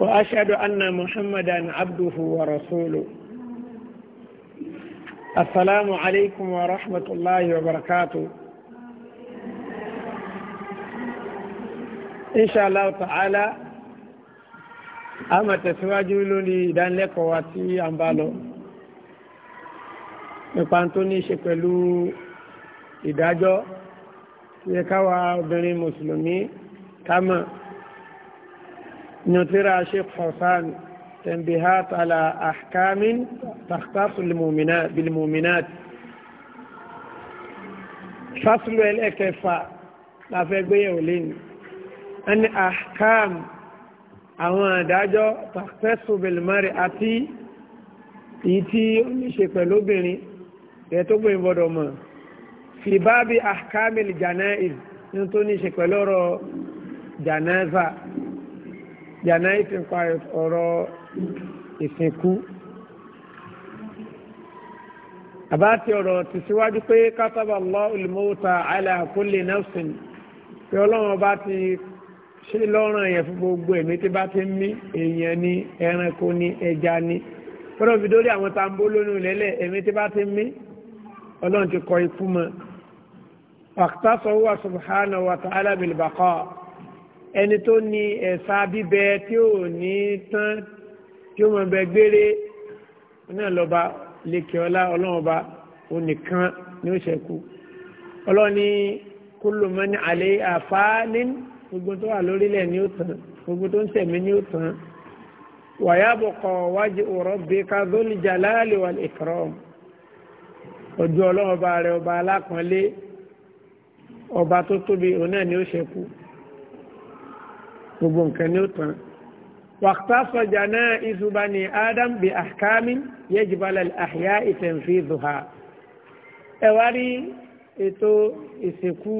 وأشهد أن محمدا عبده ورسوله السلام عليكم ورحمة الله وبركاته إن شاء الله تعالى أما تسواجه لوني دان لك واتي أمبالو نقانتوني شكلو إداجو يكاوى بني مسلمي كما نترى شيخ حسان تنبيهات على أحكام تختص المؤمنات بالمؤمنات فصل الأكفاء لا فيقبيه أن أحكام àwọn àdájọ́ tàkẹ́sùbìlmárì àti èyí tí ó ní ṣe pẹ̀lú obìnrin rẹ̀ tó gbé ìbọ̀dọ̀ mọ̀ fi bábi ahkamil janaiz ní tó ní ṣe pẹ̀lú ọ̀rọ̀ janaza yànà ìfìnpa ọ̀rọ̀ ìsìnkú àbáti ọ̀rọ̀ ti síwájú pé kataba Allahul mawta ala kulli nafsin pé ọlọ́run ọba ti ṣe lọ́rùn yẹn fún gbogbo ẹ̀mí tí bá ti ń mí èèyàn ní ẹranko ní ẹja ní fọ́nà fi dórí àwọn tambo lónìí òlẹ́lẹ̀ ẹ̀mí tí bá ti ń mí ọlọ́run ti kọ ikú mọ́. waqtasahu subhanahu wa ta'ala bil baqa ẹni tó ní ẹ̀sà bíbẹ tí ò ní tán tí ó mọ̀ bẹ gbére náà lọ́ba lékè ọlá ọlọ́run ọba òun nìkan ni ó ṣẹ̀kù ọlọ́run ní kullu man alayha fanin gbogbo tó wà lórílẹ̀ ni ó tán gbogbo tó ń tẹ̀mí ni ó tán wa yabqa wajhu rabbika dhul jalali wal ikram ojú ọlọ́run ọba ọba alápọ̀nlé ọba tó tóbi òun ni ó ṣẹ̀kù gbogbo nǹkan ní ó tán wàtásọ jàná ìṣubá ni adam bí àkámi yẹjìbálẹ̀ àhíyá ìtẹ̀nfìdùhà ẹ̀wá rí ètò ìsìnkú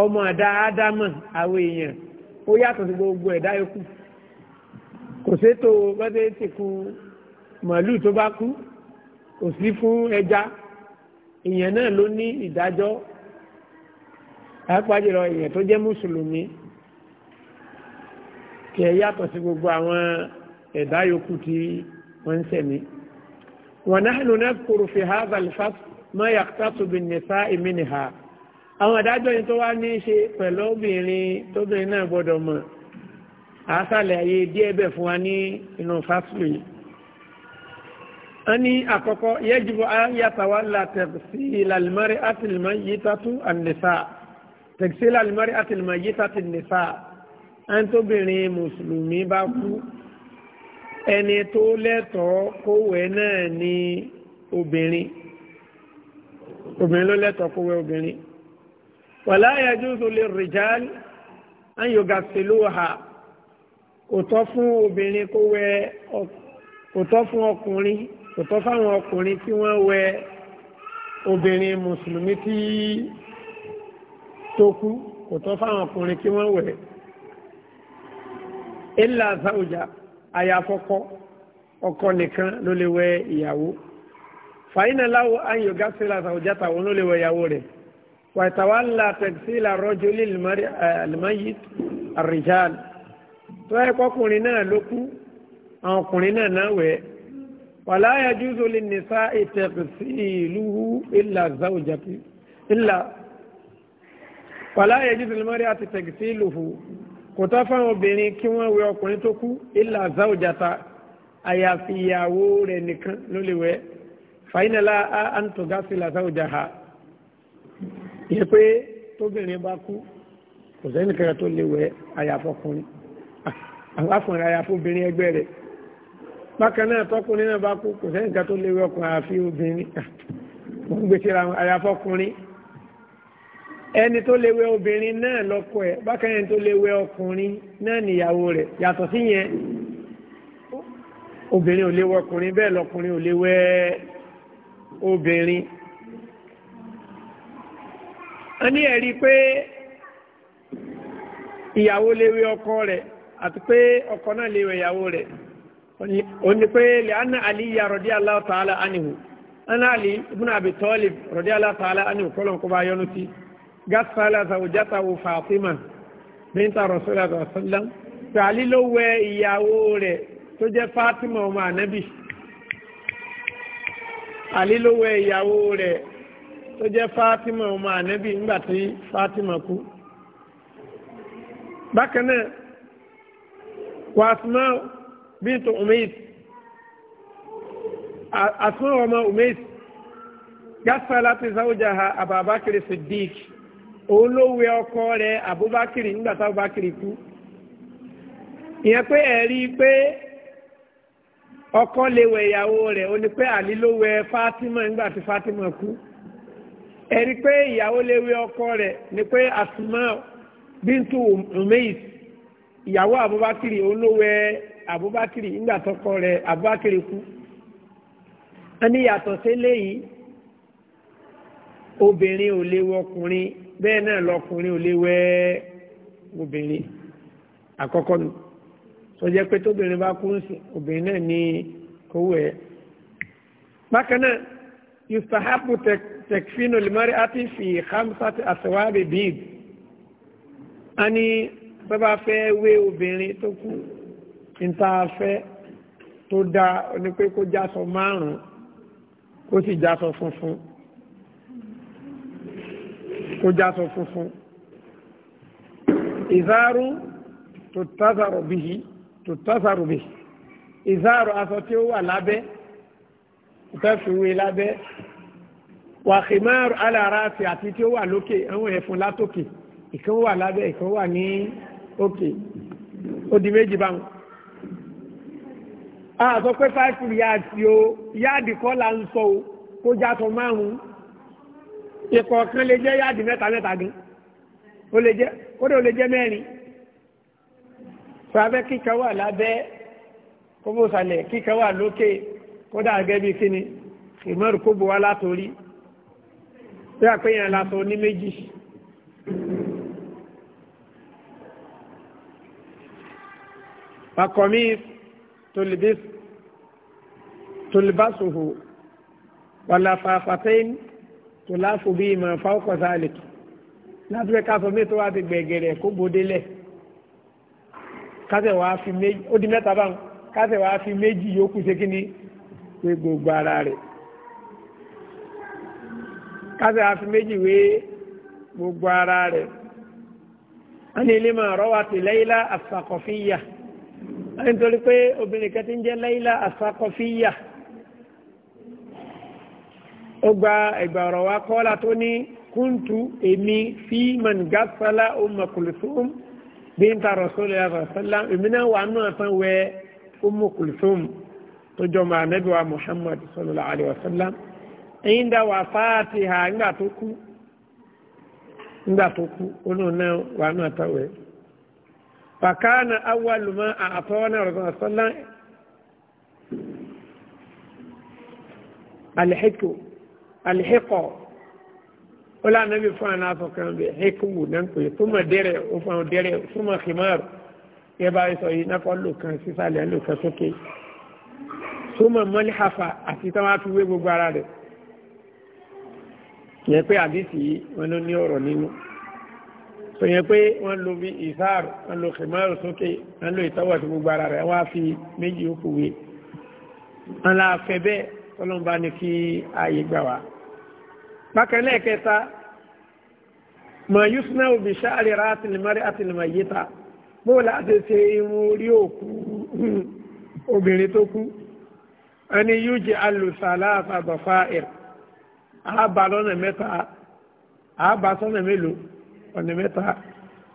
ọmọ àdá ádámà àwọn èèyàn ó yàtọ̀ sí gbogbo ẹ̀dá yòókù kò sétò bọ́dẹ̀ ìsìnkú màálù tó bá kú kò sí fún ẹja ìyẹn náà ló ní ìdájọ́ pàápàá ìyẹn tó jẹ́ mùsùlùmí kẹ yàtọ̀ sí gbogbo àwọn ẹ̀dá yòókù tí wọ́n ń sẹ̀mí. wa nahnu nadhkuru fi hadha al-fasl ma yaqtasu bin-nisa'i minha àwọn ìdájọ́ yìí tó wá ní í ṣe pẹ̀lú obìnrin tóbìnrin náà gbọ́dọ̀ mọ̀ àásàlẹ̀ ayé díẹ̀ bẹ̀ fún wa ní inú fásitì yìí. wọ́n ní àkọ́kọ́ yajibu an yatawalla tagsil al-mar'ati al-mayyitati an-nisa tagsil al ẹni tóbìnrin mùsùlùmí bá kú ẹni tó lẹ́tọ̀ọ́ kówẹ̀ náà ni obìnrin obìnrin ló lẹ́tọ̀ọ́ kówẹ̀ obìnrin wala yajuzu lirrijal an yughassiluha kò tọ́ fún obìnrin kówẹ̀ kò tọ́ fún ọkùnrin kò tọ́ fáwọn ọkùnrin tí wọ́n wẹ obìnrin mùsùlùmí tí tó kú kò fáwọn ọkùnrin kí wọ́n wẹ̀ ilà sáwùjà àyàfọ́kọ́ ọkọ nìkan ló lè wẹ ìyàwó fàyínà láwo ayò gásílà sáwùjà tàwọn ló lè wẹ ìyàwó rẹ̀ wàtàwálà tẹ̀sílà rọ́jò lìlmáyì àrìjáàl tó ẹ kọkùnrin náà ló kú àwọn ọkùnrin náà náà wẹ̀ wàlá yajuzu lin nisa'i taqsiluhu illa zawjati illa wàlá yajuzu lil mar'ati taqsiluhu kò tọ́ fáwọn obìnrin kí wọ́n wẹ ọkùnrin tó kú ilà záwùjata àyàfi ìyàwó rẹ̀ nìkan ló lè wẹ̀ fàyínàlá àǹtọ̀gáfìlà záwùjà ha ìyẹn pé tóbìnrin bá kú kò sẹ́nìkan tó lè wẹ̀ àyàfọkùnrin ah, àfọkùnrin àyàfọbìnrin ẹgbẹ́ rẹ̀ bákan náà tọkùnrin náà bá kú kò sẹ́nìkan tó lè wẹ̀ ọkùnrin ah, àyàfọkùnrin. ẹni tó lè wẹ obìnrin náà lọ́kọ ẹ̀ bákan ẹni tó lè wẹ ọkùnrin náà níyàwó rẹ̀ yàtọ̀ sí yẹn obìnrin ò lè wẹ ọkùnrin bẹ́ẹ̀ lọkùnrin ò lè a ní ẹ̀rí pé ìyàwó lè wẹ ọkọ rẹ̀ àti pé ọkọ náà lè wẹ ìyàwó rẹ̀ ó pé ana aliya rọ̀dí aláwọ̀ tààlà ánìhù ana ali ibùnà àbí rọ̀dí aláwọ̀ tààlà ánìhù kọ́lọ̀ ń bá قد زوجته فاطمة بنت رسول الله صلى الله عليه وسلم فعلي لو إياو رẹ̀ tó Fatima ọmọ ànábì Àlí ló wẹ ìyàwó rẹ̀ tó jẹ́ Fatima ọmọ ànábì nígbà tí Fatima kú bákan náà wàásùmá bíntu Umays àsùnmọ́ ha òun ló wẹ ọkọ rẹ̀ Abubakar nígbà tí Abubakar kú ìyẹn pé ẹ̀rí pé ọkọ lè wẹ ìyàwó rẹ̀ ó ní pé Àlí ló wẹ Fatima nígbà tí Fatima kú ẹ̀rí pé ìyàwó lè wẹ ọkọ rẹ̀ ní pé Asuma bíntu Umeis ìyàwó Abubakar òun ló wẹ Abubakar nígbà tọkọ rẹ̀ Abubakar kú ẹni yàtọ̀ sí léyìí obìnrin ò lè wọ bẹ́ẹ̀ náà lọkùnrin ò lè wẹ́ obìnrin àkọ́kọ́ nu tó jẹ́ pé tóbìnrin bá kú sí obìnrin náà ní kówó ẹ̀. bákan náà yustahabu tekfinu limari ati fi hamsati asewabi bid a ní bábá fẹ́ wé obìnrin tó kú níta fẹ́ tó dá onípé kó jásọ márùn-ún kó sì jásọ funfun kó jásọ funfun ìzáàrú tó tásàrò bìí tó tásàrò bìí ìzáàrú aṣọ tí ó wà lábẹ́ ìfẹ́fìwé lábẹ́ wàhímáàrú alára àti àti tí ó wà lókè àwọn ẹ̀fún látòkè ìkan wà lábẹ́ ìkan wà ní òkè ó di méjì báwọn a sọ pé five yards yóò yáàdì kọ́ la ń sọ o kó jásọ márùn-ún ìkọ̀ọ̀kan lè jẹ́ yáàdì mẹ́ta mẹ́ta gan ó lè jẹ́ kódà ó lè jẹ́ mẹ́rin tó abẹ́ kíkà wà lábẹ́ kóbósàlẹ̀ kíkà wà lókè kódà gẹ́gẹ́ bí kíni ìmọ̀rù kóbó wa látòrí tó yà pé ní méjì. akọ̀mí tòlìbásòhò wàlàfàfàtẹ́yìn tó láàfù bí ìmọ̀ fáwọ́kọ̀sá àlèkì láti fẹ́ ká sọ mí tó wá ti gbẹ̀gẹ̀rẹ̀ kó bòde lẹ̀ kásẹ̀ wàá fi méjì ó di mẹ́ta báwọn kásẹ̀ wàá fi méjì yòókù ṣe kí ni pé gbogbo ara rẹ̀ kásẹ̀ wàá fi méjì wé gbogbo ara rẹ̀ wọ́n ilé máa rọ́wà ti Layla àsàkọ̀fíyà wọ́n torí pé obìnrin kẹ́tí ń jẹ́ Layla àsàkọ̀fíyà ó gba ẹgbà ọ̀rọ̀ wa kọ́lá tó ní kúntù èmi fi man gásálà umma kulthum bínta rasulillah rasulillah èmi náà wà nù àtàn wẹ umma kulthum tó jọ mọ anabi wa muhammad sallallahu alayhi ẹyin dá wà fáàtì ha ńgbà tó kú ńgbà tó kú onú náà wà nù àtàn wẹ. فكان أول ما أعطانا رسول الله صلى الله alihikọ o la anabi fún wa n'a fọ kan bẹ hikimu nan koyi fuma dẹrẹ o fana dẹrẹ fuma himar yẹ b'a sọ yìí n'a fọ lo kan sisan lẹ lo kan sókè fuma malihafa a ti tán wàá fi wé gbogbo ara rẹ̀ yẹ pé àdìsí yìí wọn ló ní ọ̀rọ̀ nínú sọ yẹ wọn lo bí ìsáàrù wọn lo himar sókè wọn lo ìtọwọ gbogbo ara rẹ̀ wọn á fi méjì ó wọn la fẹ bẹ́ẹ̀ tọlọmọba ni kí ààyè gbà wá bákan náà kẹta ma yusna obi ṣáàrìrá àtìlímárì àtìlímáyíta bó láti ṣe irun orí òkú obìnrin tó kú ẹni yóò jẹ alùsàlá àtàbọ̀fà ẹ̀ àbá lọ́nà mẹ́ta àbá sọ́nà mélòó ọ̀nà mẹ́ta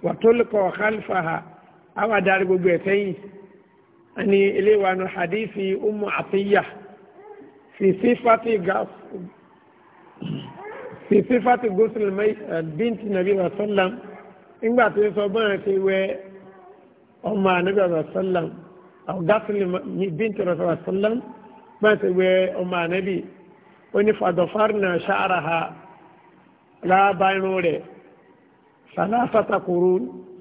wà tó lùkọ̀ kálífàhà àwa darí gbogbo ẹ̀ sẹ́yìn ẹni eléwàánu hadithi umu àtìyà fi sífàtì gáfù fi sífàtì gúúsùlù bíntì nàbí wàsálàm nígbà tó sọ bọ́ọ̀n ṣe wẹ ọmọ ànábì wàsálàm àwùgásùlù bíntì wàsálàm bọ́ọ̀n ṣe wẹ ọmọ ànábì ó ní fàdọ̀fárì náà ṣáàrà ha láàbá irun rẹ̀ sàlásàtà kúrú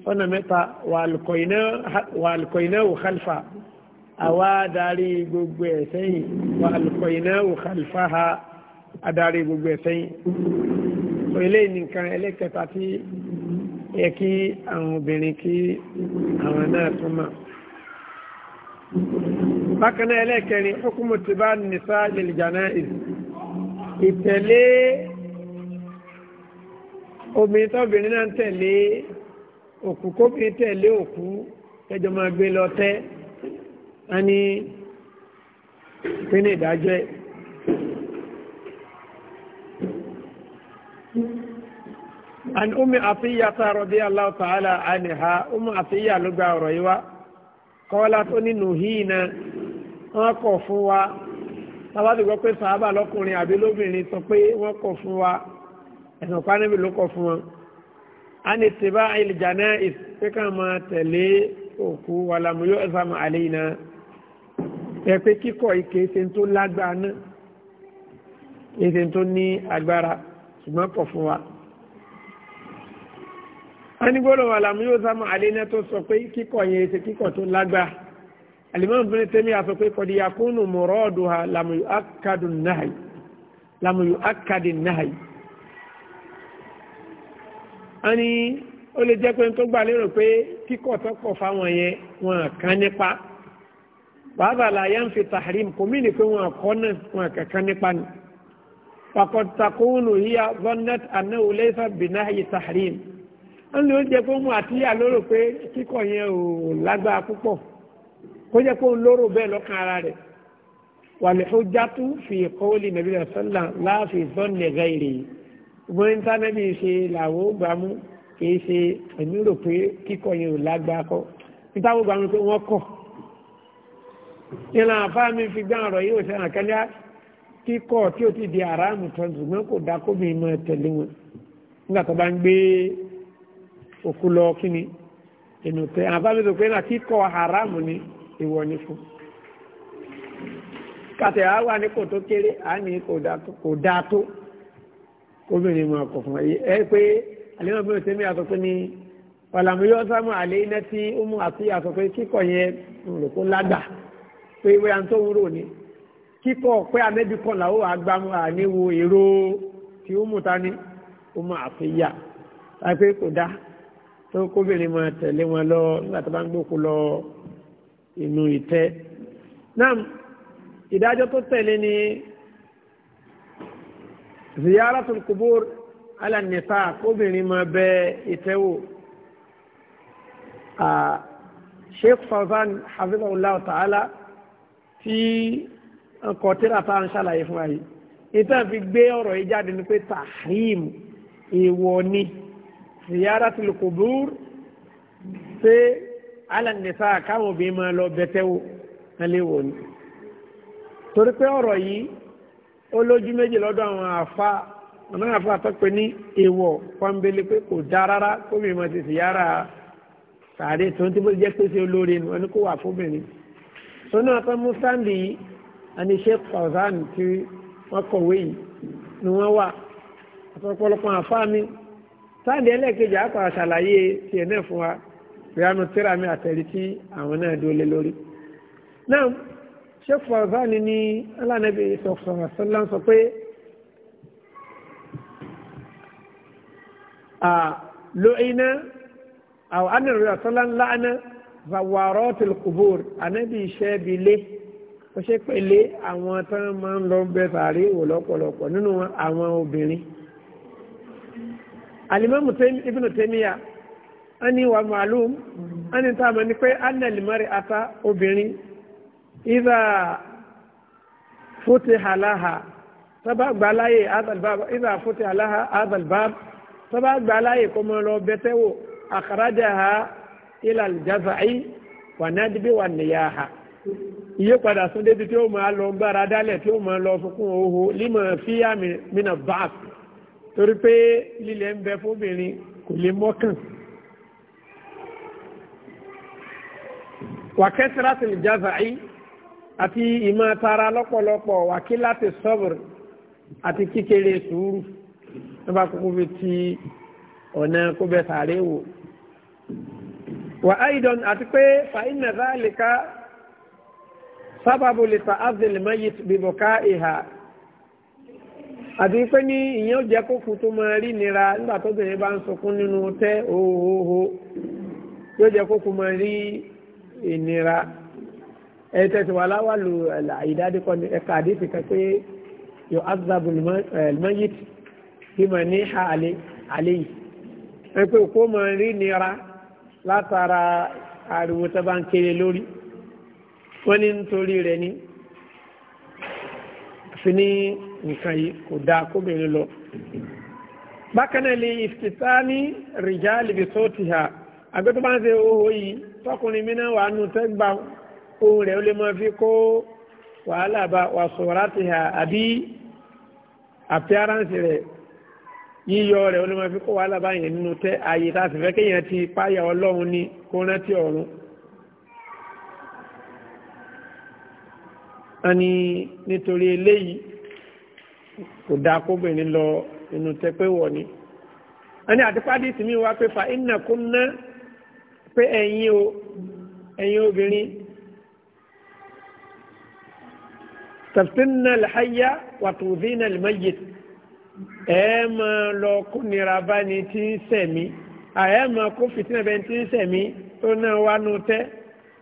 sọ́nà mẹ́ta wà alùkọ̀iná wò kálfà àwa darí gbogbo ẹ̀ sẹ́yìn wà alùkọ̀iná wò kálfà ha adarí gbogbo ẹ̀fẹ́ yìí so eléyìí nìkan ẹlẹ́kẹta tí yẹ kí àwọn obìnrin kí àwọn náà tún mọ̀ bákan náà ẹlẹ́kẹrin hukumu ti bá nìsá lil janaiz ìtẹ̀lé obìnrin tóbìnrin náà tẹ̀lé òkú kóbìnrin tẹ̀lé òkú ẹjọ́ máa gbé lọ tẹ́ a ní pínlẹ̀ ìdájọ́ ẹ̀ an umi afiyata ta radiyallahu ta'ala anha umu afiya ló gba ọrọ yìí wá kọ́lá tó nínú hìí náà wọ́n fún wa tábàtì gbọ́ pé sàábà àbí lóbìnrin sọ pé fún wa ẹ̀sùn ló fún wọn. a ní tìbá ìpínká máa tẹ̀lé òkú wàlámù yóò ẹ̀sàmù ẹ pé tó ṣùgbọ́n kọ̀ fún wa. wọ́n ní gbọ́dọ̀ wà lámú yóò sá mọ́ àléná tó sọ pé kíkọ̀ yẹn ṣe kíkọ̀ tó lágbá alimami bin tẹ́mi a sọ pé kọ̀dí yakunu mọ̀rọ́ọ̀dù ha lamuyu akadu nahayi lamuyu akadi nahayi. wọ́n ní ó lè jẹ́ pé tó gbà lérò pé kíkọ̀ tó kọ̀ fáwọn yẹn wọn kàn nípa wàhálà yẹn fi tahrim kò mí ni pé wọn kọ́ náà wọn kankan nípa ni faqad takunu hiya zannat annahu laysa binahi tahrim ń lè oúnjẹ pé mú àtìyà lóró pé kíkọ̀ yẹn ò lágbára púpọ̀ kó jẹ́ pé òun lóró bẹ́ẹ̀ lọ́kàn ara rẹ̀ wàlúhùjátú fi kọ́ọ̀lì nàbí ọ̀sánlá láàfin zọ́ọ̀nì gẹ́rì ìbọn ìntánẹ́ẹ̀tì ṣe làwọn ó gbàmú kìí ṣe ẹ̀mí rò pé kíkọ yẹn ò lágbára kọ́ ìtàwọn gbàmú pé wọ́n kọ̀ ìlànà àfáà mi fi gbá ọ̀rọ̀ yìí ò sẹ́yìn àkẹ́lẹ́ kíkọ́ tí ó ti di àràmù tán ṣùgbọ́n kò dá kó mi máa tẹ̀lé wọn nígbà tó bá ń gbé òkú lọ kí ni ẹnu tẹ àbámi tó pé náà kíkọ́ àràmù ni ìwọ ni fún kàtẹ́ àá wà ní kò tó kéré àá ní kò dá tó obìnrin máa kọ̀ fún ẹ pé àlẹ́mọ̀ bí o ṣe mí àtọ́ pé ní ọ̀làmú yóò sámú àlẹ́ iná tí ó mú àtúnyà sọ pé kíkọ̀ yẹn ń lò kó lágbà pé ìwé àǹtó ń rò ní kíkọ́ pé anẹ́bí kọlà ó agbámu àníwo èrò tí ó mú ta ní ó máa fi yà láìpé kò dá tó kóbìnrin máa tẹ̀lé wọn lọ nígbà tó bá ń gbókù lọ inú ìtẹ́ náà ìdájọ́ tó tẹ̀lé ni ziyaratul kubur ala nisa kóbìnrin máa bẹ ìtẹ́wò sheikh fawzan hafizahullah ta'ala tí ọkọ̀ tíra tá à ń ṣàlàyé fún wa yìí níta fi gbé ọ̀rọ̀ yìí jáde ni pé tahrim èèwọ̀ ni ziyaratul qubur ṣé alàǹdẹ̀sà káwọn obìnrin máa lọ bẹ̀tẹ́wò ẹlẹ́wọ̀ ni torí pé ọ̀rọ̀ yìí ó lójú méjì lọ́dọ̀ àwọn àfa àwọn àfa àtọ́pẹ́ ní èèwọ̀ pọ́nbélé pé kò dá rárá kómi máa ti ziyara sàárè tó ń tí bó jẹ́ pé ṣe olóore wọn ni kó wà fóbìnrin sọ́nà àtọ́ mú sáǹdì yìí àní sheikh fauzan tí wọ́n kọ̀wé yìí ni wọ́n wà àtọ́pọ̀lọpọ̀ àfáàmì sáàdì ẹlẹ́ẹ̀kejì àpàrà ṣàlàyé tiẹ̀ náà fún wa ìyanu tíra mi àtẹ̀rí tí àwọn náà dúró lé lórí. náà sheikh fauzan ní alánàbí sọ̀rọ̀ sọ́lá ń sọ pé lóyìnà àwọn anìrìnàṣọ́lá ńlá àná zawarọ́tìl kùbúr ànábì iṣẹ́ bi lé kò ṣe pèlé àwọn tán máa ń lọ bẹ sàárè wò lọ́pọ̀lọpọ̀ nínú àwọn obìnrin alimamu ibn temiya ani wa ma'lum ani ta ma ni pé anna limari ata obìnrin iza fúti halaha tọ́bá gbàláyè azalbab iza fúti halaha azalbab tọ́bá gbàláyè kó mọ́ lọ bẹ́tẹ́wò àkàrájà ha ilal jaza'i wà nádìbí wà níyàhà iye padà sún débi tí ó máa lọ gbára dálẹ̀ tí ó máa lọ sunkún oho límọ̀ fíyà mìíràn báàk torí pé lílẹ̀ ń bẹ fóbìnrin kò lè mọ́kàn. wàkẹ́sìrá sì lè jáfàáyí àti ìmọ̀ tara lọ́pọ̀lọpọ̀ wàkílá ti sọ́bùrù àti kíkéré sùúrù ní bá kúkú fi ti ọ̀nà kó bẹ sàárè wò. wà á ìdán àti pé fàínà záàlì ká sábàbù lè ta azil mayit bìbọ̀ká ìhà àti pé ní ìyẹn ò jẹ́ kó kú tó máa rí nira nígbà tó bẹ̀rẹ̀ bá ń sunkún nínú tẹ́ òhòhò yóò jẹ́ kó kú máa rí ìnira ẹ tẹ̀sí wà láwàlú àìdáde kọ́ni ẹ̀ka àdéhùn kan pé yóò azabu mayit bímọ ní ha àlè yìí ẹ pé òkú máa rí nira látara ariwo bá ń kéré lórí wọ́n ní nítorí rẹ̀ ní fi ní nǹkan yìí kò dáa kóbìnrin lọ bákan náà lè ìfìtá ní rìjá lèbi tó ti hà àgbẹ̀ tó bá ń ṣe owó yìí tọkùnrin mi náà wà nù tẹ́gbà ohun rẹ̀ ó lè máa fi kó wàhálà bá wà sọ̀rọ̀ láti hà àbí àpẹ́ránsì rẹ̀ yíyọ rẹ̀ ó lè máa fi kó wàhálà bá yẹn nínú tẹ́ ààyè tá a sì fẹ́ kéèyàn ti páyà ọlọ́run ní kó rántí ọ̀run a ní nítorí eléyìí kò dáa kóbìnrin lọ inú tẹ́pẹ́ wọ̀ ni a ní àti pádìsì mi wá pé fa iná kó ná pé ẹ̀yin o ẹ̀yin obìnrin tafsinna lẹ́hàyà wàtúzínà lẹ́mẹ́yẹ ẹ máa lọ kó nira bá ní tí ń sẹ̀mí àyẹ̀ kó fìtínà bẹ́ẹ̀ tí ń sẹ̀mí tó náà wá nù tẹ́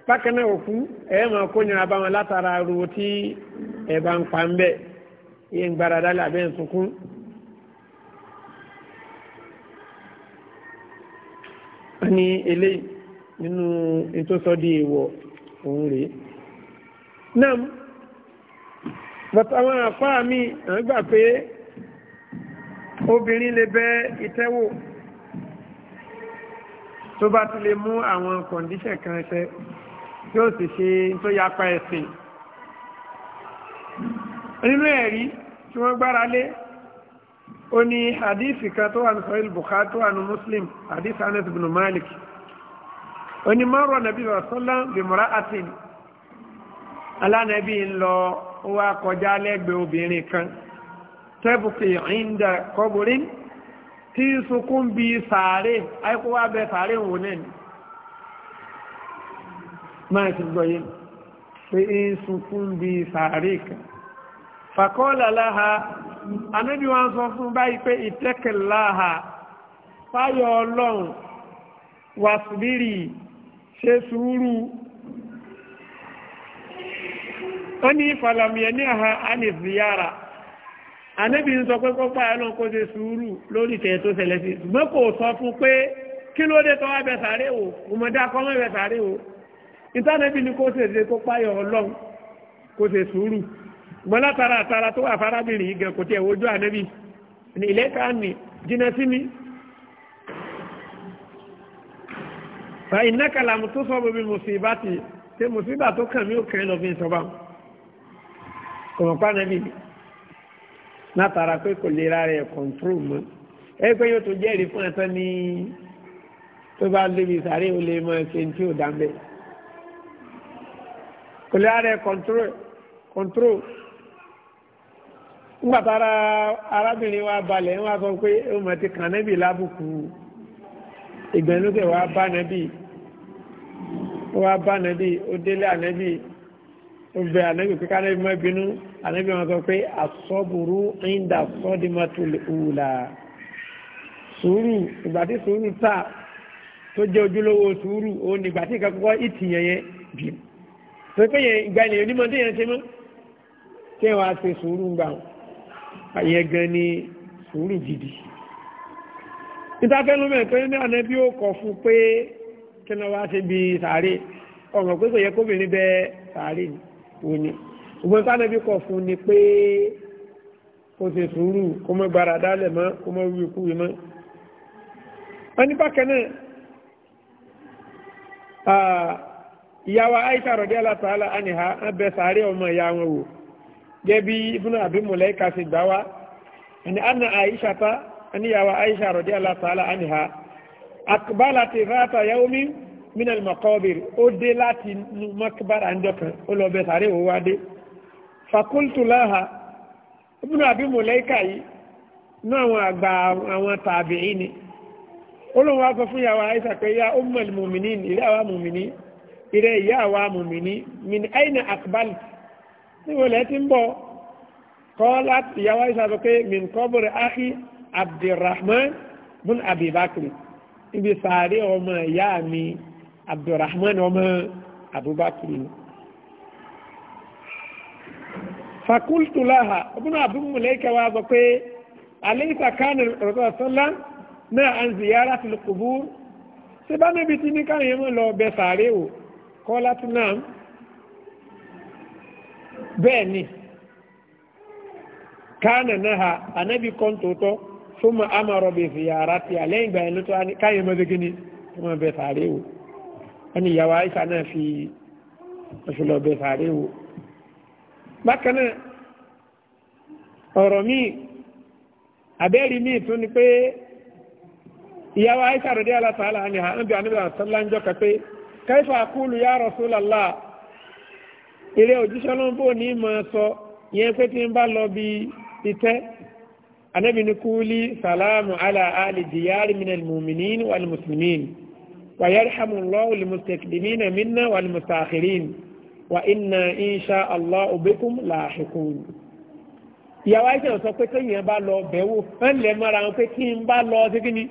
bákan náà òkú ẹ máa kó yẹn abáwọn látara ariwo tí ẹ bá ń pa ń bẹ iye ń gbára dálé abẹ́ ń wọ́n ní eléyìí nínú ìtòsọ́ di èèwọ̀ òun rèé. náà bàtà àwọn àfáà mi à ń gbà pé obìnrin lè bẹ ìtẹ́wò tó bá ti lè mú àwọn kọ̀ǹdíṣẹ̀ kan ṣe tí ó sì ṣe tó yapa ẹ̀sìn nínú ẹ̀rí tí wọ́n gbára lé ó ní hadithi kan tó wà ní sahih bukhari tó wà ní muslim hadith anas ibn malik ó ní mọ́rọ̀ nàbí sallam bi mura'atin alánàbí ń lọ wá kọjá lẹ́gbẹ̀ẹ́ obìnrin kan tẹ́bùkì ìrìndà kọbùrín tí sunkún bí sàárè àìkú bẹ sàárè òun náà máa ti gbọ́ yé pé ń sunkún bí sàárè kan fàkọ́ọ̀lá láha anábí wọn sọ fún báyìí pé ìtẹ́kẹ̀láha fáyọ̀ ọlọ́run wàsíbírì ṣe sùúrù ó ní ìfàlàmìyàn ní àhà ánìzìyàrá anábí ń sọ pé kọ́pá ẹlọ́n kó ṣe sùúrù lórí tẹ̀ tó ṣẹlẹ̀ sí ṣùgbọ́n kò sọ fún pé kí ló dé tọ́wọ́ bẹ̀ sàárè wò ọmọdé akọ́mọ́ bẹ̀ sàárè wò ìtànẹ́bí ni kó ṣe ṣe kó páyọ̀ ọlọ́run kó ṣe sùúrù mọ́ látara àtara tó wà fárábìnrin yìí gan kò tiẹ̀ wojú ànẹ́bí ní ilé káàní jìnnà sí mi. fa ìnáka làmú tó sọ bíbí mùsíbà ti ṣe mùsíbà tó kàn mí ò kàn lọ fi sọba kò mọ̀ pa ànẹ́bí látara pé kò lera rẹ̀ kọ̀ǹtró mọ́ ẹ pé yóò tó jẹ́rìí fún ẹ̀tọ́ tó bá lébi sàárè ó lè mọ ẹ̀ṣẹ̀ tí ò dá mbẹ́ kò lè ara ẹ̀ kọ̀ǹtró ńgbàtà ara arábìnrin wa balẹ̀ wọn sọ pé ó mọ̀ ti kàn nẹ́bì lábùkù ìgbẹ̀núkẹ̀ wa bá nẹ́bì wa bá nẹ́bì ó délé ànẹ́bì ó bẹ ànẹ́bì pé kánẹ́bì má bínú ànẹ́bì wọn sọ pé àsọ́bùrú ìndà sọ́dìmọ́tò òwúlà sùúrù ìgbà tí sùúrù tà tó jẹ́ ojúlówó sùúrù ó nígbà tí ìkẹ́kọ̀ọ́ ìtìyẹn bìí pé yẹn ìgbà ilẹ̀ onímọ̀ tí yẹn ṣe mọ́ tí wọ́n á ṣe sùúrù ń gbà wọn àyẹ̀ gan ni sùúrù gidi nítafẹ́ lómẹ̀ pé ní àná bí ó kọ̀ fún pé kí wọ́n wá ṣe bí sàárè ọ̀rọ̀ pé kò yẹ kóbìnrin bẹ sàárè òní ògbọ́n tí àná kọ̀ fún ni pé kó ṣe sùúrù kó mọ́ gbára dálẹ̀ mọ́ kó mọ́ wí kúwì mọ́ wọ́n ní bákan náà ìyàwó aisha rọ̀díàlá tààlà àníhà ń bẹ sàárè ọmọ ìyá wọn wò gẹ́bí ibùnú àbímọ̀lẹ́ kàṣì gbà wá ẹni àna aisha ta ẹniyàwó aisha rọ̀díàlá tààlà àníhà àkùbálà ti ráta yaomi minal makobir ó dé láti makbara ń jọkàn ó lọ bẹ sàárè wò wá dé fakultu láha ibùnú àbímọ̀lẹ́ kàyí ní àwọn àgbà àwọn tàbí ni olóhùn fún ìyàwó aisha pé ya ummul mu'minin ilé àwa mu'minin ìrẹ́ ìyá àwa mùmìnì min aina akbal tí wọ́n lẹ́ ti ń bọ̀ kọ́lá ìyàwó Aisha sọ pé min kọ́bùrù áhì abdulrahman bin abibakri ibi sàárè ọmọ ìyá mi abdulrahman ọmọ abubakri fakultu laha ọbúnà abúmùlẹ́kẹ̀ wa sọ pé alaysa kana rasulullah náà an ziyara fil qubur tí ní káyọ̀ lọ bẹ sàárè wò kọ́látù náà bẹ́ẹ̀ ni káànà náà ha anábì kan tòótọ́ fún ma a máa rọ̀bì fi yàrá ti àlẹ́yìn ìgbà ẹ̀lú tó a mọ́ gẹ́gẹ́ ni wọ́n máa bẹ̀ sàárè wò wọ́n ni ìyàwó àìsà náà fi ọ̀ṣùlọ̀ bẹ̀ sàárè wò ọ̀rọ̀ míì àbẹ́rí míì tún ni pé ìyàwó àìsà rẹ̀ dé alátàálà àwọn bí anábì àtọ́lá ń jọ́ ka pé kaifa akulu ya rasulallah ilé òjíṣẹ́ ló ń bò ní mọ̀ sọ yẹn pé tí ń bá lọ bí ìtẹ́ anabi ni kúlí salamu ala ali diyari minal muminin wal muslimin wa yarhamu allahu lil mustaqdimina minna wal mustakhirin wa inna insha allah bikum lahiqun ìyàwó àìsàn sọ pé kéèyàn bá lọ bẹ̀wò ẹ̀ ń lẹ̀ mọ́ra wọn pé kí n bá lọ sí kí ni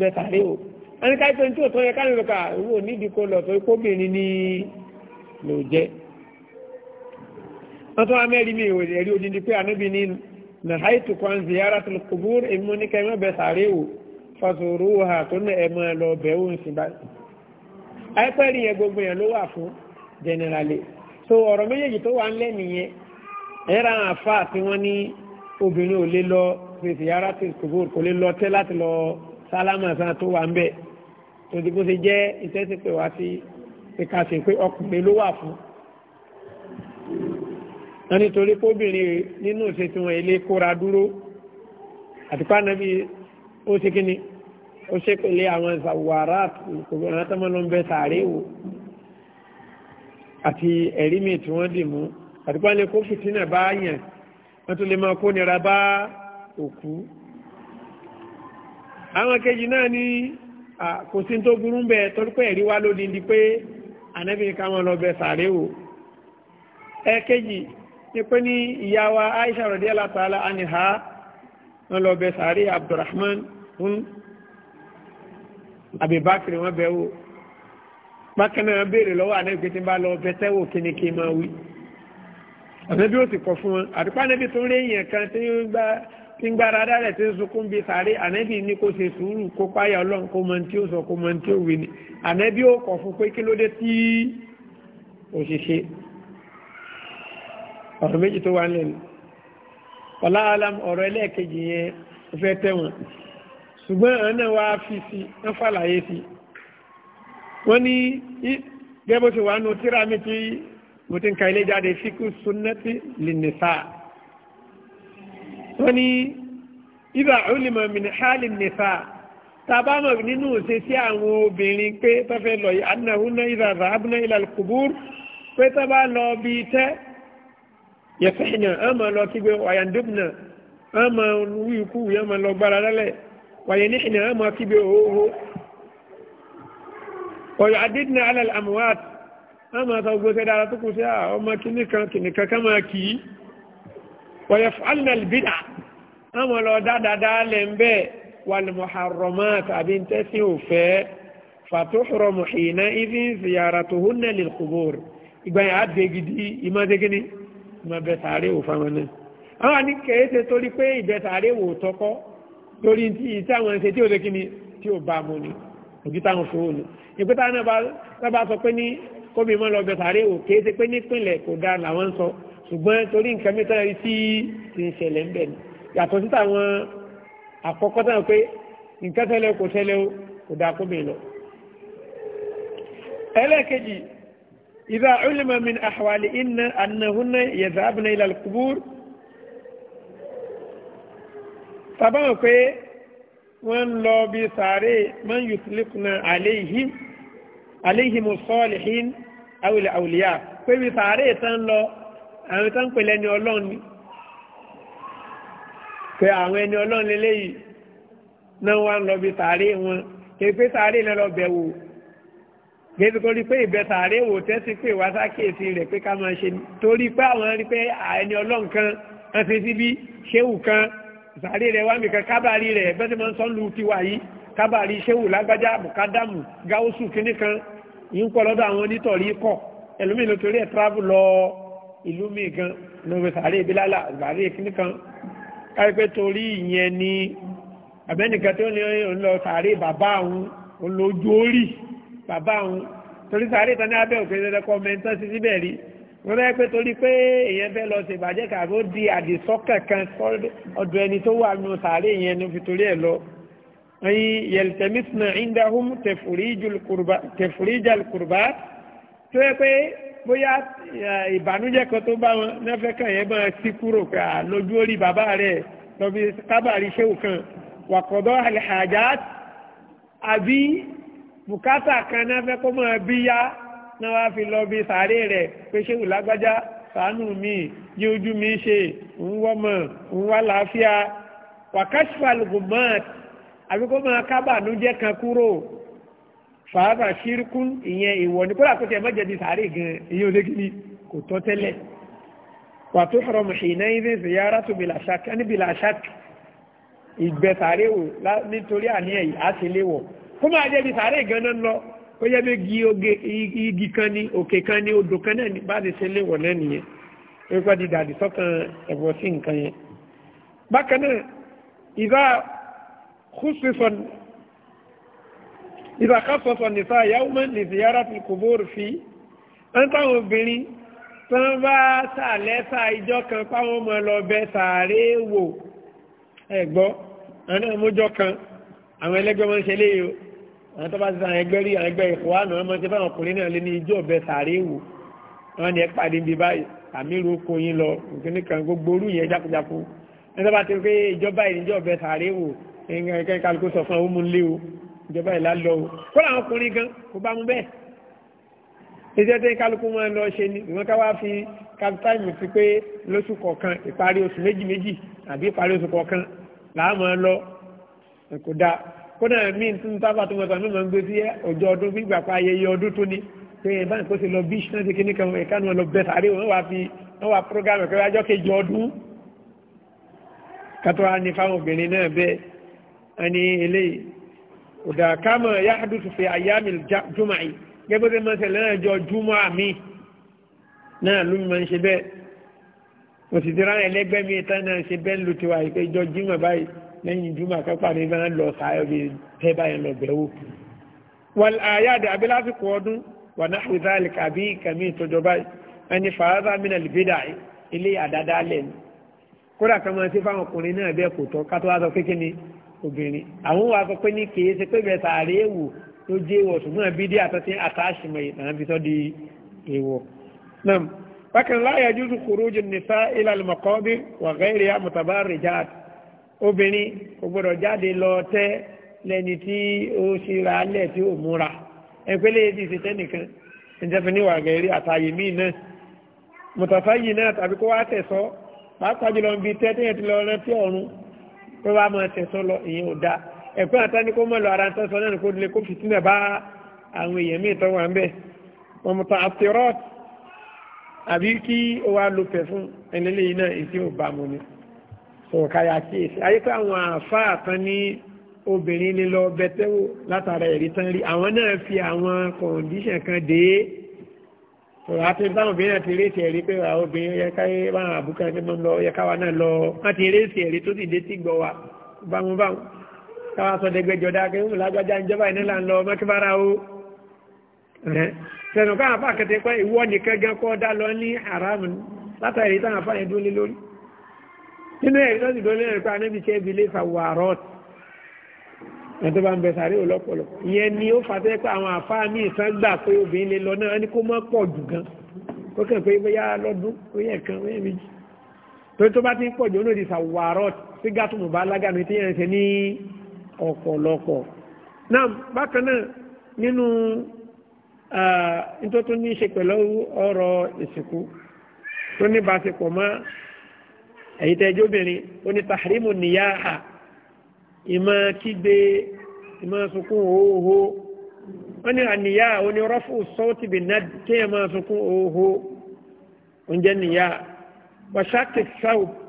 bẹ̀tàrí o ẹni ká ìpè ní tí ò tó yẹ káyọ̀ lọ́kà owó nídìí kó lọ tó kóbìnrin ní ló jẹ́ wọ́n tún wá mẹ́rin mi ìwòye ẹ̀rí odindi pé ànábì ní nàháìtù kan ziyara tó kùbúr èmi ní kẹ́ mọ́ bẹ sàárè wò fàṣọrò wà tó ní ẹ̀ máa lọ bẹ̀ ó ń sì bá. àìpẹ́ rí yẹn gbogbo yẹn ló wà fún generally so ọ̀rọ̀ méjèèjì tó wà ń lẹ́ nìyẹn ẹ̀rọ àwọn àfa tí wọ́n ní obìnrin sálámà san tó wà ń bẹ̀ tó ti bó ṣe jẹ́ ìtẹ́sípè wá sí ìkàsí pé ọkùnrin ló wà fún wọn nítorí kóbìnrin nínú ìṣètò wọn ilé kóra dúró àtìpá nàbí ó ṣe kíni ó ṣe pẹ̀lẹ́ àwọn ìsàwárà ìkòkò àwọn tó máa lọ ń bẹ sàárè wò àti ẹ̀rí mi tí wọ́n dì mú àtìpá lè kó fìtínà bá yàn wọ́n tó lè máa kó nira bá òkú àwọn kejì náà ní kò sí tó burú ń bẹ torí pé ẹ̀rí wá lódì ní pé ànábì ká wọn lọ bẹ sàárè wò ẹ̀kejì ní pé ní ìyá wa Aisha radiyallahu ta'ala anha wọn lọ bẹ sàárè Abdurrahman fún Abubakar wọn bẹ wò bákan náà béèrè lọ́wọ́ ànábì pé tí ń bá lọ bẹ tẹ́wò kíni kí máa wí ànábì ó sì kọ fún wọn àdúpá ànábì tó ń rí èèyàn kan tí ń gbá tí ń gbára dálẹ̀ tí ń sunkún bíi sàárè ànẹ́bí ní kó ṣe sùúrù kó páyà ọlọ́run o mọ tí ó sọ kó mọ tí ó wí ni ànẹ́bí ó kọ̀ fún pé kí ló dé tí òṣìṣẹ́ ọ̀rọ̀ méjì tó wà nílẹ̀ alam ọ̀rọ̀ ẹlẹ́ẹ̀kejì yẹn ó fẹ́ tẹ̀wọ̀n ṣùgbọ́n àwọn náà wá fi sí wọ́n fàlàyé sí wọ́n ní gẹ́gẹ́ bó ṣe nù tíra mo ti ń ka ilé jáde fíkú sunnati linnisa wọ́n ní ibà olùmọ̀ min hali nìfà tàbámọ̀ nínú ṣe sí àwọn obìnrin pé tọ́fẹ́ lọ annahunna idha zahabna ila al-qubur pé tọ́bá lọ bí tẹ́ yẹ̀fẹ̀yìnà ọmọ lọ kígbe wàyàndóbìnà ọmọ wíwíkú ọmọ lọ gbára lálẹ̀ wàyẹ̀nìhìnà ọmọ kígbe òhòhò ọ̀yọ̀ adídìnà alal amuwaat ọmọ sọ gbọ́sẹ̀ dára tó kù sí ah, ọmọ kìnnìkan kìnnìkan ká kìí wọ̀yẹ̀fọ́nà bídà àwọn lọ dáadáa lẹ̀ ń bẹ́ẹ̀ wàlùmọ̀hàrọ̀mọ́ tàbí tẹ́sí òfẹ́ fàtúhùrọ̀mù ìná ibi ń ziyàrá tó hún náà lè kúbòrò ìgbàyàn àdégidí ìmọ̀dégíní ìmọ̀bẹ̀tàrí òfàmọ́ náà. àwọn ní kèése torí pé ìbẹ̀tàrí wò tọ́kọ́ torí tí ìtàwọn ṣe tí ó lékíní tí ó bá mú ni òjú táwọn fowó ni. ìpẹ́ta náà bá sọ pé ní kómi mọ́ lọ bẹ̀tàrí wò kèése pé nípìnlẹ̀ kò dáa làwọn ń sọ ṣùgbọ́n torí nǹkan mìíràn rí tí ti ń ṣẹlẹ̀ ń bẹ̀ ni yàtọ̀ sí táwọn àkọ́kọ́ táwọn pé nǹkan ṣẹlẹ̀ kò ṣẹlẹ̀ o kò dáa kó bèè lọ. ẹlẹ́ẹ̀kejì idha ulima min ahwali inna annahunna yadhabna ila al sábàmù pé wọ́n lọ bí sàárè man yuslikuna alayhim alayhimus salihin awil awliya pé bí sàárè tán lọ àwọn tó ń pè lẹ́ni ọlọ́run ni pé àwọn ẹni ọlọ́run lélẹ́yìí náà wá ń lọ bí sàárè wọn kì í pé sàárè náà lọ bẹ̀ wò gẹ́gẹ́ tó rí pé ìbẹ̀ sàárè wò tẹ́sí pé wá sákèsí rẹ̀ pé ká máa ṣe torí pé àwọn rí pé ẹni ọlọ́run kan wọ́n ti síbí ṣéwù kan sàárè rẹ̀ wá nìkan kábàárì rẹ̀ bẹ́ẹ̀ tí wọ́n sọ lu tiwa yìí kábàárì ṣéwù lágbájá bùkádàmù gáúsù kínní kan yìí ń kọ́ lọ́dọ̀ àwọn onítọ̀rí kọ̀ ẹlòmíràn torí ẹ̀ travel lọ ìlú mi gan lórí sàárè ìbílálà àgbàrí ìkíní kan kárípẹ́ torí ìyẹn ni àbẹ́nìkan tó ní òun lọ sàárè bàbá òun olójú orí bàbá òun torí sàárè tán ní abẹ́ òkè tẹ́tẹ́ kọ́ mẹ́ńtán sí síbẹ̀ rí wọ́n rẹ́ pé torí pé èèyàn fẹ́ lọ ṣèbàjẹ́ kàró di àdìsọ́kẹ̀ kan ọ̀dọ̀ ẹni tó wà nù sàárè yẹn ní fi torí ẹ̀ lọ ayi yẹlitẹmisina indahum tẹfurijal kurba tó yẹ pé bóyá e, ìbànújẹ́ kan tó bá wọn náà fẹ́ kàn yẹn máa sí kúrò pé à lójú orí bàbá rẹ̀ lọ́bi kábàárí ṣéwù kan wàkọ̀dọ́ àlẹ́hàjá àbí bùkátà kan náà fẹ́ kó máa bí yá náà wá fi lọ bí sàárè rẹ̀ pé ṣéwù lágbájá ṣàánú mi yí ojú mi ṣe ń wọ́mọ̀ ń wá làáfíà wàkàṣfàlùgùmọ́t àbí kó máa kábàánújẹ́ kan kúrò fàábà ṣírkún ìyẹn ìwọ̀ ní kó làkó tẹ mọ́jẹ̀ di sàárè gan ìyẹn olé gini kò tọ́ tẹ́lẹ̀ wà tó sọ̀rọ̀ mùsùlùmí ìdí ìyára tó bìlà ṣáàkì ẹni bìlà ṣáàkì ìgbẹ́ sàárè wò nítorí àníyàn yìí á ti léwọ̀ kó máa jẹ́ di sàárè gan náà lọ ó yẹ bí igi kan ní òkè kan ní odò kan náà bá ti ṣe léwọ̀ náà nìyẹn ó gbọ́ di dàdí sọ́kàn ẹ̀bọ̀ sí nǹkan yẹn bákan náà ìbá ìgbà ká sọ̀sọ̀ nìfà ìyàwó mọ́ ní ziyara ti kòbóòrò fi ń táwọn obìnrin tó ń bá sàlẹ́sà ìjọ kan páwọn ọmọ lọ bẹ sàárè wò ẹ̀gbọ́ àwọn ọmọjọ́ kan àwọn ẹlẹ́gbẹ́ wọn ń ṣe léyìí o àwọn tó bá ti sàn ẹgbẹ́ rí àwọn ẹgbẹ́ ìkọ́ àná wọn ti fáwọn ọkùnrin náà lé ní ìjọ bẹ sàárè wò wọn ni ẹ pàdé níbi báyìí àmírù oko yín lọ nǹkan kan gbogbo orú yẹn jákujáku ẹni tó bá ti rí pé ìjọba ìníjọ bẹ sàárè wò ẹnìkan kálukú sọ fún àwọn ọmọ ìjọba ìlà lọ o kọ́lá àwọn ọkùnrin gan kò bá mú bẹ́ẹ̀ iṣẹ́ tí kálukú máa lọ ṣe ni ìwọ́n ká wá fi kápítáìmù sí pé lóṣù kọ̀ọ̀kan ìparí oṣù méjì méjì àbí ìparí oṣù kọ̀ọ̀kan làá máa lọ kò dáa kódà mí tún tábà tó mọ̀tàn mímọ̀ ń gbé sí ọjọ́ ọdún bí ìgbà ayẹyẹ ọdún tó ní pé ẹ̀bá nǹkan ti lọ bíṣ náà ti kí ní kan ẹ̀ka ni wọ́n lọ bẹ́ẹ̀ sáré wọ́n wá fi wọ́n wá prógámù ẹ̀kọ́ ajọ́ kejì ọdún kátó wá ní fáwọn obìnrin náà bẹ́ẹ̀ ẹni eléyìí òdà kámọ̀ yáhàdùsù fi àyàmì jùmọ̀ yìí gẹ́gẹ́ bí wọ́n ṣe lẹ́yìn ọjọ́ jùmọ̀ àmì náà ló máa ń ṣe bẹ́ẹ̀ mo sì dira ẹlẹ́gbẹ́ mi tán náà ṣe bẹ́ẹ̀ ló ti wà yìí pé ìjọ jùmọ̀ báyìí lẹ́yìn jùmọ̀ akẹ́kọ̀ọ́ àti ìbára lọ sáyọ̀ bí tẹ́ báyìí lọ bẹ̀ wò. wàl àyàdà abilásìkò ọdún wà náà fi záàlì kàbí kàmí ìtọ́jọ báyìí ẹni fàáza mìíràn lùbídà ilé àdáda lẹ́nu kódà kan máa ṣe fáwọn ọkùnrin náà bẹ́ẹ̀ kò tọ́ ká tó wá sọ kékeré obìnrin àwọn wa sọ pé ní kìí ṣe pé bẹ̀rẹ̀ sàárè èwò ló jẹ́ èwọ̀ ṣùgbọ́n bídí àtọ́tí àtàṣìmọ̀ ìtàn fi sọ́ di èwọ̀ náà bákan láyà júùsù khuruj nìsá ila al-maqabir wa ghayriha mutabarrijat obìnrin kò gbọdọ̀ jáde lọ tẹ́ lẹ́ni tí ó ṣe ra alẹ́ tí ó múra ẹgbẹ́lẹ́ ti ṣe tẹ́nìkan ìjẹ́fẹ́ ní wa ghayri àtàyè náà mutasayyinat pé wàá máa tẹ̀sán lọ ìyẹn ò dáa ẹ̀kọ́ àtàní kó mọ̀ lọ ara tó sọ náà kó lè kó fìtínà bá àwọn èèyàn míì tó wà ń bẹ̀ wọn mọ̀tàn àtẹ̀rọ̀t àbí kí ó wá lo pẹ̀fún ẹlẹ́lẹ́yìn náà èsì ò bá mu ni sọ̀rọ̀ káyà kíyèsí ayé pé àwọn àáfàá kan ní obìnrin lílọ bẹ̀tẹ́wò látara ẹ̀rí tán rí àwọn náà fi àwọn kọ̀ǹdíṣàn kan dé àti ìsáwọn obìnrin àti eré ìṣẹ̀rí pé àwọn obìnrin yẹ káyé bá àwọn àbúkà tí wọ́n lọ yẹ káwa náà lọ láti eré ìṣẹ̀rí tó sì dé sí gbọ́ wa báwọn báwọn káwa sọ dẹgbẹjọdá kí wọn lágbájá ìjọba ìní là ń lọ mọ́kíbára o sẹ̀nù káwọn afá kẹtẹ pé ìwọ nìkan gan kọ́ dá lọ ní haramu látàrí táwọn afá yẹn dúró lé lórí nínú ẹ̀rí tó sì dúró lé ẹni tó bá ń bẹ sàárè ò lọ́pọ̀lọ́ ìyẹn ni ó fà tẹ́ pé àwọn àfáà ní ìsán gbà pé obìnrin lè lọ náà ní kó mọ́ pọ̀ jù gan kó kàn pé bóyá lọ́dún ó yẹ kan ó yẹ méjì tó tó bá ti ń pọ̀ jù ó lòdì sàwárọ̀ sí gátùmù bá lágàmì tí yẹn ń ṣe ní ọ̀pọ̀lọpọ̀ náà bákan náà nínú nítorí ní ṣe pẹ̀lú ọ̀rọ̀ ìsìnkú tó ní bá ti pọ̀ mọ́ ẹ̀yìn tẹ́jọ́bìnrin ó ní tahrimu niyaha ìmọ̀ kígbe ìmọ̀ sunkún hóhó wọ́n ní àníyá òní rọ́fù sọ́ọ̀tì bì náà kéèyàn máa sunkún hóhó oúnjẹ níyà wàṣákè sáwùpù